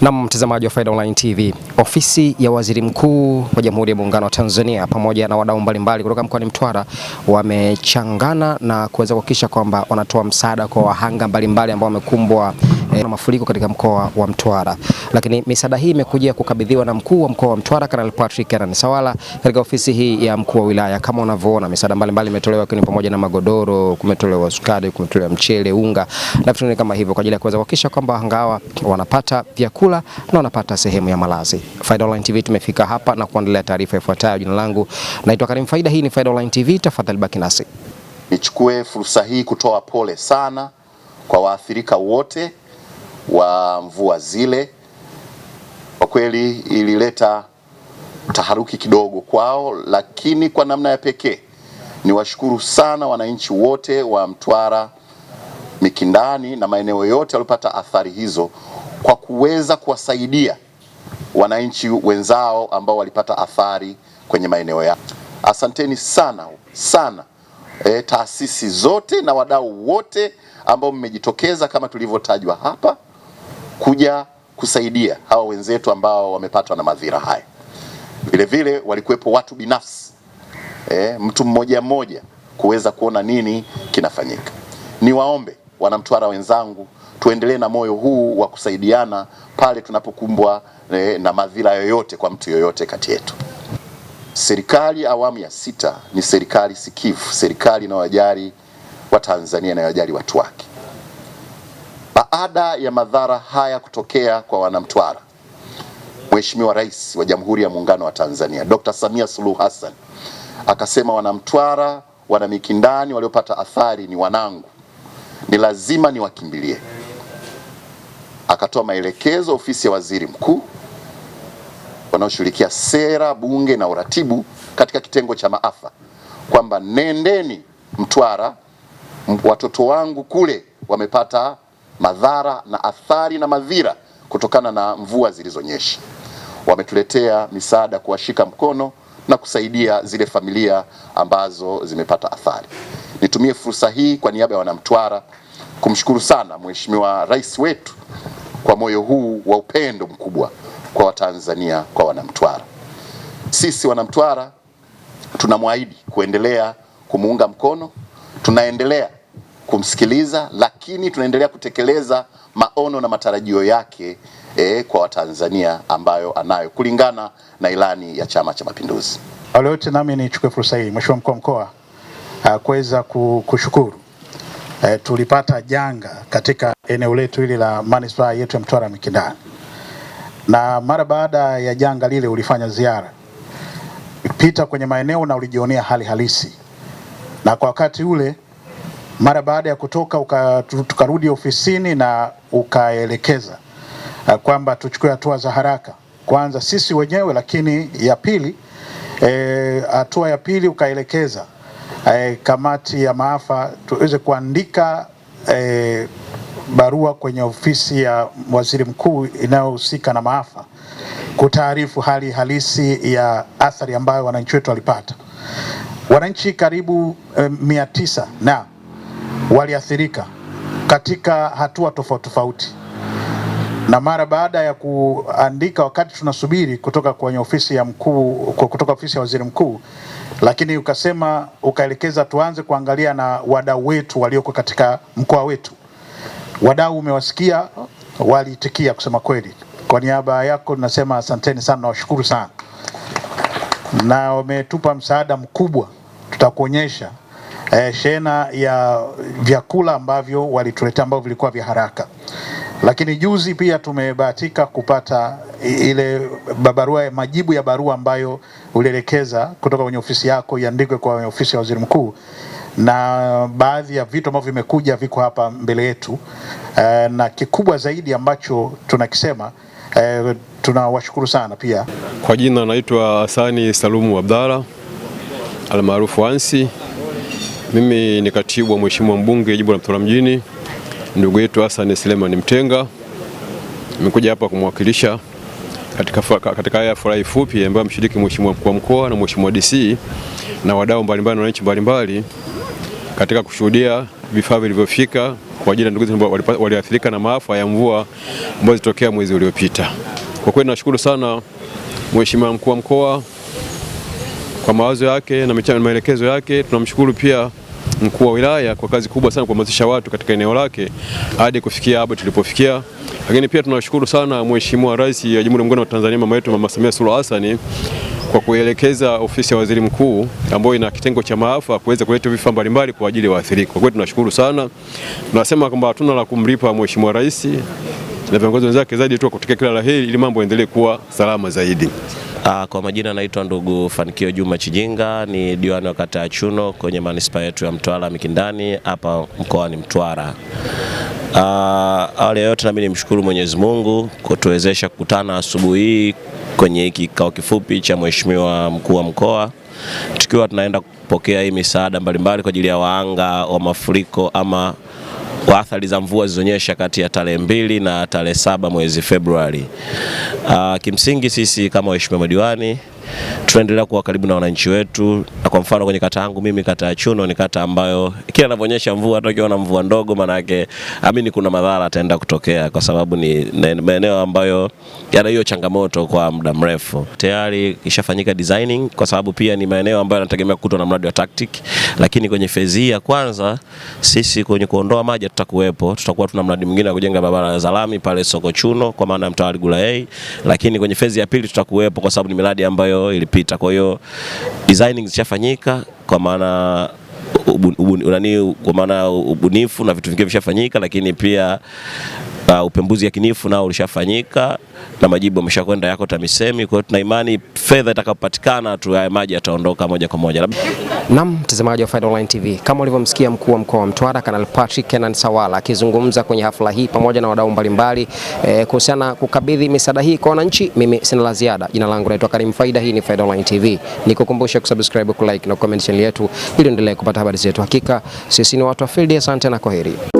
Na mtazamaji wa Faida Online TV, ofisi ya waziri mkuu wa Jamhuri ya Muungano wa Tanzania pamoja na wadau mbalimbali kutoka mkoani Mtwara wamechangana na kuweza kuhakikisha kwamba wanatoa msaada kwa wahanga mbalimbali ambao wamekumbwa eh, na mafuriko katika mkoa wa Mtwara. Lakini misaada hii imekuja kukabidhiwa na mkuu wa mkoa wa Mtwara Kanali Patrick Hernan Sawala katika ofisi hii ya mkuu wa wilaya. Kama unavyoona misaada mbalimbali imetolewa, ikiwa ni pamoja na magodoro, kumetolewa sukari, kumetolewa mchele, unga na vitu kama hivyo kwa ajili ya kuweza kuhakikisha kwamba angawa wanapata vyakula na wanapata sehemu ya malazi. Faida Online TV tumefika hapa na kuendelea taarifa ifuatayo. Jina langu naitwa Karim Faida, hii ni Faida Online TV, tafadhali baki nasi. Nichukue fursa hii kutoa pole sana kwa waathirika wote wa mvua zile, kwa kweli ilileta taharuki kidogo kwao, lakini kwa namna ya pekee niwashukuru sana wananchi wote wa Mtwara Mikindani na maeneo yote waliopata athari hizo kwa kuweza kuwasaidia wananchi wenzao ambao walipata athari kwenye maeneo yao. Asanteni sana sana e, taasisi zote na wadau wote ambao mmejitokeza kama tulivyotajwa hapa kuja kusaidia hawa wenzetu ambao wamepatwa na madhira haya. Vilevile walikuwepo watu binafsi eh, mtu mmoja mmoja kuweza kuona nini kinafanyika. Niwaombe wanamtwara wenzangu, tuendelee na moyo huu wa kusaidiana pale tunapokumbwa eh, na madhira yoyote kwa mtu yoyote kati yetu. Serikali awamu ya sita ni serikali sikivu, serikali inayojali Watanzania, inayojali watu wake. Baada ya madhara haya kutokea kwa wanamtwara, Mheshimiwa Rais wa Jamhuri ya Muungano wa Tanzania Dr. Samia Suluhu Hassan akasema, wanamtwara, wana Mikindani waliopata athari ni wanangu, ni lazima niwakimbilie. Akatoa maelekezo ofisi ya waziri mkuu wanaoshughulikia sera, bunge na uratibu katika kitengo cha maafa kwamba nendeni Mtwara, watoto wangu kule wamepata madhara na athari na madhira kutokana na mvua zilizonyesha. Wametuletea misaada kuwashika mkono na kusaidia zile familia ambazo zimepata athari. Nitumie fursa hii kwa niaba ya wanamtwara kumshukuru sana Mheshimiwa Rais wetu kwa moyo huu wa upendo mkubwa kwa Watanzania, kwa wanamtwara. Sisi wanamtwara tunamwahidi kuendelea kumuunga mkono, tunaendelea kumsikiliza, lakini tunaendelea kutekeleza maono na matarajio yake e, kwa Watanzania ambayo anayo kulingana na ilani ya Chama cha Mapinduzi. Wale wote nami nichukue fursa hii Mheshimiwa mkuu wa mkoa ah, kuweza kushukuru e, tulipata janga katika eneo letu hili la manispaa yetu ya Mtwara Mikindani, na mara baada ya janga lile ulifanya ziara pita kwenye maeneo na ulijionea hali halisi, na kwa wakati ule mara baada ya kutoka uka, tukarudi ofisini na ukaelekeza eh, kwamba tuchukue hatua za haraka, kwanza sisi wenyewe, lakini ya pili eh, hatua e, ya pili ukaelekeza e, kamati ya maafa tuweze kuandika e, barua kwenye ofisi ya waziri mkuu inayohusika na maafa kutaarifu hali halisi ya athari ambayo wananchi wetu walipata. Wananchi karibu e, mia tisa na waliathirika katika hatua tofauti tofauti, na mara baada ya kuandika, wakati tunasubiri kutoka kwenye ofisi ya mkuu, kutoka ofisi ya waziri mkuu, lakini ukasema, ukaelekeza tuanze kuangalia na wadau wetu walioko katika mkoa wetu. Wadau umewasikia, waliitikia kusema kweli. Kwa niaba yako nasema asanteni sana, nawashukuru sana, na wametupa msaada mkubwa, tutakuonyesha eh, shehena ya vyakula ambavyo walituletea ambavyo vilikuwa vya haraka, lakini juzi pia tumebahatika kupata ile barua, majibu ya barua ambayo ulielekeza kutoka kwenye ofisi yako iandikwe kwa ofisi ya waziri mkuu na baadhi ya vitu ambavyo vimekuja viko hapa mbele yetu eh, na kikubwa zaidi ambacho tunakisema eh, tunawashukuru sana pia. Kwa jina naitwa hasani Salumu Abdalla almaarufu Ansi. Mimi ni katibu wa Mheshimiwa mbunge jimbo la Mtwara mjini, ndugu yetu Hassan Selemani Mtenga. Nimekuja hapa kumwakilisha katika katika haya furahi fupi ambayo amshiriki Mheshimiwa mkuu wa mkoa na Mheshimiwa DC na wadau mbalimbali na wananchi mbalimbali katika kushuhudia vifaa vilivyofika kwa ajili ya ndugu zetu walioathirika na maafa ya mvua ambayo zilitokea mwezi uliopita. Kwa kweli nashukuru sana Mheshimiwa mkuu wa mkoa kwa mawazo yake na maelekezo yake. Tunamshukuru pia mkuu wa wilaya kwa kazi kubwa sana kuhamasisha watu katika eneo lake hadi kufikia hapo tulipofikia. Lakini pia tunashukuru sana Mheshimiwa Rais wa Jamhuri ya Muungano wa Tanzania, mama yetu Mama Samia Suluhu Hassan kwa kuelekeza ofisi ya waziri mkuu ambayo ina kitengo cha maafa kuweza kuleta vifaa mbalimbali kwa ajili ya waathirika. Kwa kweli tunashukuru sana, tunasema kwamba hatuna la kumlipa Mheshimiwa Rais na viongozi wenzake zaidi tu kutokea kila la laheri, ili mambo yaendelee kuwa salama zaidi. Uh, kwa majina naitwa ndugu Fanikio Juma Chijinga, ni diwani wa kata ya Chuno kwenye manispaa yetu ya Mtwara Mikindani hapa mkoani Mtwara. Uh, awali yote nami nimshukuru Mwenyezi Mungu kutuwezesha kukutana asubuhi hii kwenye hiki kikao kifupi cha Mheshimiwa mkuu wa mkoa tukiwa tunaenda kupokea hii misaada mbalimbali kwa ajili ya waanga wa mafuriko ama kwa athari za mvua zilizonyesha kati ya tarehe mbili na tarehe saba mwezi Februari. Uh, kimsingi sisi kama waheshimiwa madiwani tunaendelea kuwa karibu na wananchi wetu, na kwa mfano kwenye kata yangu mimi, kata ya Chuno ni kata ambayo kila inavyonyesha mvua, hata ukiona mvua ndogo, maana yake amini kuna madhara ataenda kutokea, kwa sababu ni maeneo ambayo yana hiyo changamoto kwa muda mrefu. Tayari ishafanyika designing, kwa sababu pia ni maeneo ambayo yanategemea kutwa na mradi wa tactic lakini kwenye fezi ya kwanza sisi kwenye kuondoa maji tutakuwepo, tutakuwa tuna mradi mwingine wa kujenga barabara za lami pale Soko Chuno kwa maana ya mtaa wa A, lakini kwenye fezi ya pili tutakuwepo kwa sababu ni miradi ambayo ilipita. Kwa hiyo designing zishafanyika kwa maana unani kwa maana ubunifu na vitu vingine vishafanyika, lakini pia uh, upembuzi yakinifu nao ulishafanyika na majibu ameshakwenda yako TAMISEMI. Kwa hiyo tuna imani fedha itakapopatikana tu haya maji yataondoka moja kwa moja. Naam, mtazamaji wa Faida Online TV, kama ulivyomsikia mkuu wa mkoa wa Mtwara Kanal Patrick Kenan Sawala akizungumza kwenye hafla hii pamoja na wadau mbalimbali e, kuhusiana kukabidhi misaada hii kwa wananchi. Mimi sina la ziada. Jina langu naitwa Karim Faida, hii ni Faida Online TV. Nikukumbusha kusubscribe, kulike na comment channel yetu ili endelee kupata habari zetu. Hakika sisi ni watu wa field. Asante na kwaheri.